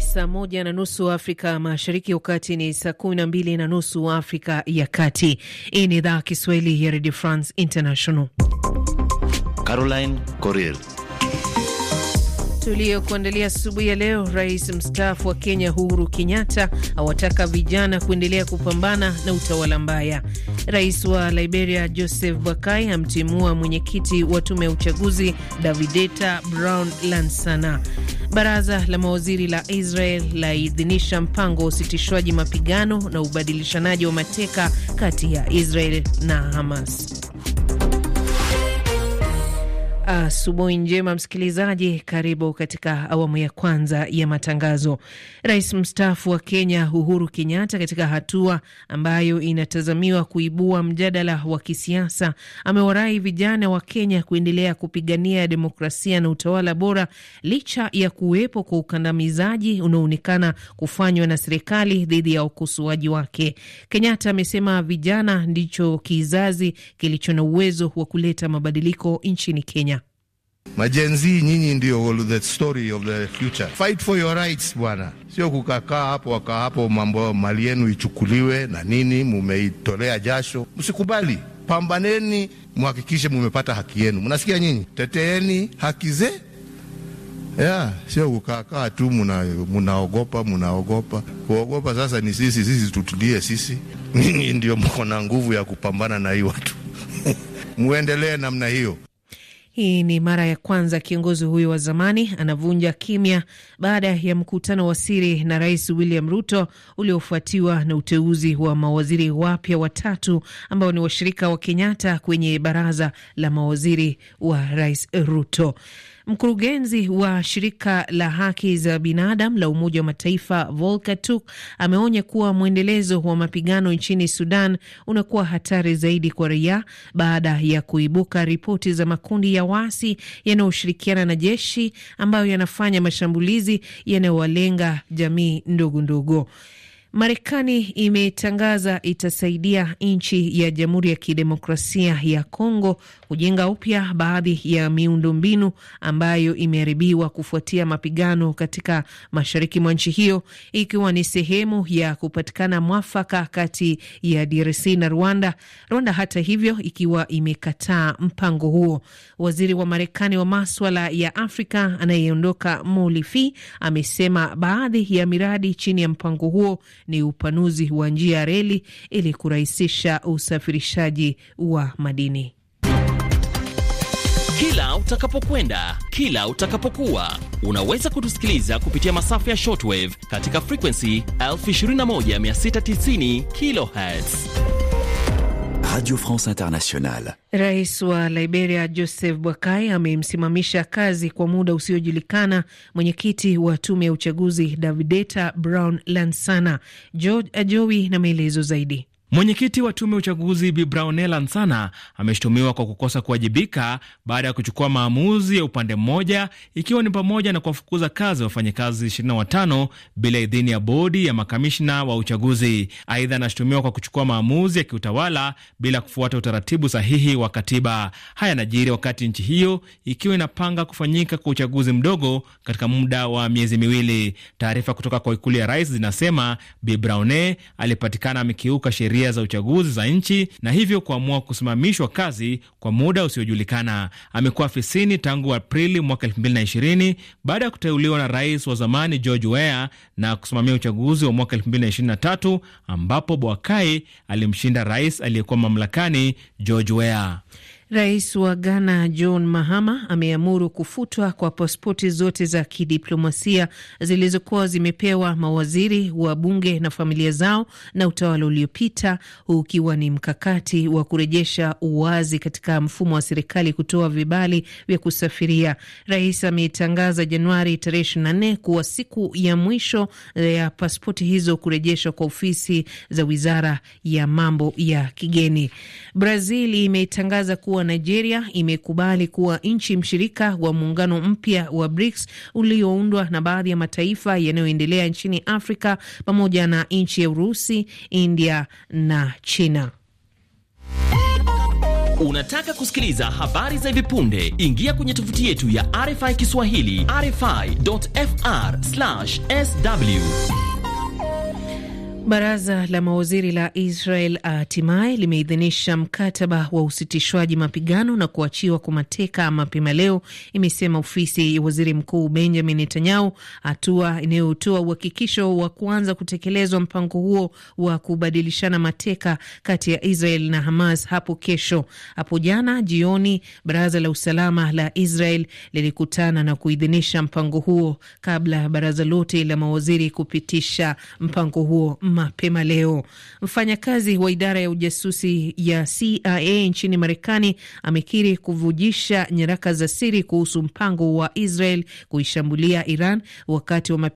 saa moja na nusu Afrika Mashariki, wakati ni saa kumi na mbili na nusu Afrika ya Kati. Hii ni idhaa Kiswahili ya Redio France International. Caroline Coril tuliyokuandalia asubuhi ya leo. Rais mstaafu wa Kenya Uhuru Kenyatta awataka vijana kuendelea kupambana na utawala mbaya. Rais wa Liberia Joseph bakai amtimua mwenyekiti wa tume ya uchaguzi Davideta Brown Lansana. Baraza la mawaziri la Israel laidhinisha mpango wa usitishwaji mapigano na ubadilishanaji wa mateka kati ya Israel na Hamas. Asubuhi njema msikilizaji, karibu katika awamu ya kwanza ya matangazo. Rais mstaafu wa Kenya Uhuru Kenyatta, katika hatua ambayo inatazamiwa kuibua mjadala wa kisiasa, amewarai vijana wa Kenya kuendelea kupigania demokrasia na utawala bora licha ya kuwepo kwa ukandamizaji unaoonekana kufanywa na serikali dhidi ya ukosoaji wake. Kenyatta amesema vijana ndicho kizazi kilicho na uwezo wa kuleta mabadiliko nchini Kenya. Majenzii nyinyi ndio the story of the future. Fight for your rights bwana, sio kukakaa hapo wakaa hapo mambo mali yenu ichukuliwe na nini, mumeitolea jasho. Msikubali, pambaneni, muhakikishe mumepata haki yenu. Mnasikia nyinyi, teteeni haki ze Yeah, sio kukaakaa tu, munaogopa muna munaogopa kuogopa. Sasa ni sisi sisi, tutulie sisi. Ninyi ndio mko na nguvu ya kupambana na hii watu muendelee namna hiyo. Hii ni mara ya kwanza kiongozi huyo wa zamani anavunja kimya baada ya mkutano wa siri na Rais William Ruto uliofuatiwa na uteuzi wa mawaziri wapya watatu ambao ni washirika wa Kenyatta kwenye baraza la mawaziri wa Rais Ruto. Mkurugenzi wa shirika la haki za binadamu la Umoja wa Mataifa Volker Turk ameonya kuwa mwendelezo wa mapigano nchini Sudan unakuwa hatari zaidi kwa raia baada ya kuibuka ripoti za makundi ya wasi yanayoshirikiana na jeshi ambayo yanafanya mashambulizi yanayowalenga jamii ndogo ndogo. Marekani imetangaza itasaidia nchi ya Jamhuri ya Kidemokrasia ya Kongo kujenga upya baadhi ya miundombinu ambayo imeharibiwa kufuatia mapigano katika mashariki mwa nchi hiyo, ikiwa ni sehemu ya kupatikana mwafaka kati ya DRC na Rwanda. Rwanda hata hivyo, ikiwa imekataa mpango huo. Waziri wa Marekani wa maswala ya Afrika anayeondoka Molifi amesema baadhi ya miradi chini ya mpango huo ni upanuzi wa njia ya reli ili kurahisisha usafirishaji wa madini. Kila utakapokwenda, kila utakapokuwa, unaweza kutusikiliza kupitia masafa ya shortwave katika frequency 21690 kilohertz Radio France Internationale. Rais wa Liberia Joseph Boakai amemsimamisha kazi kwa muda usiojulikana mwenyekiti wa tume ya uchaguzi Davideta Brown Lansana. George Ajowi na maelezo zaidi. Mwenyekiti wa tume ya uchaguzi Bi Braunela Ansana ameshutumiwa kwa kukosa kuwajibika baada ya kuchukua maamuzi ya upande mmoja, ikiwa ni pamoja na kuwafukuza kazi wafanyakazi 25 bila idhini ya bodi ya makamishna wa uchaguzi. Aidha, anashutumiwa kwa kuchukua maamuzi ya kiutawala bila kufuata utaratibu sahihi wa katiba. Haya yanajiri wakati nchi hiyo ikiwa inapanga kufanyika kwa uchaguzi mdogo katika muda wa miezi miwili. Taarifa kutoka kwa ikulu ya rais zinasema Bi Braune alipatikana amekiuka sheria sheria za uchaguzi za nchi na hivyo kuamua kusimamishwa kazi kwa muda usiojulikana. Amekuwa afisini tangu Aprili mwaka 2020 baada ya kuteuliwa na rais wa zamani George Weah na kusimamia uchaguzi wa mwaka 2023 ambapo Bwakai alimshinda rais aliyekuwa mamlakani George Weah. Rais wa Ghana John Mahama ameamuru kufutwa kwa pasipoti zote za kidiplomasia zilizokuwa zimepewa mawaziri wa bunge na familia zao na utawala uliopita, huu ukiwa ni mkakati wa kurejesha uwazi katika mfumo wa serikali kutoa vibali vya kusafiria. Rais ametangaza Januari tarehe 4 kuwa siku ya mwisho ya pasipoti hizo kurejeshwa kwa ofisi za wizara ya mambo ya kigeni. Brazil imetangaza kuwa kuwa Nigeria imekubali kuwa nchi mshirika wa muungano mpya wa BRICS ulioundwa na baadhi ya mataifa yanayoendelea nchini Afrika pamoja na nchi ya Urusi, India na China. Unataka kusikiliza habari za hivi punde? Ingia kwenye tovuti yetu ya RFI Kiswahili, rfi.fr/sw. Baraza la mawaziri la Israel hatimaye uh, limeidhinisha mkataba wa usitishwaji mapigano na kuachiwa kwa mateka mapema leo, imesema ofisi ya waziri mkuu Benjamin Netanyahu, hatua inayotoa uhakikisho wa kuanza kutekelezwa mpango huo wa kubadilishana mateka kati ya Israel na Hamas hapo kesho. Hapo jana jioni, baraza la usalama la Israel lilikutana na kuidhinisha mpango huo kabla baraza lote la mawaziri kupitisha mpango huo mapema leo. Mfanyakazi wa idara ya ujasusi ya CIA nchini Marekani amekiri kuvujisha nyaraka za siri kuhusu mpango wa Israel kuishambulia Iran wakati wa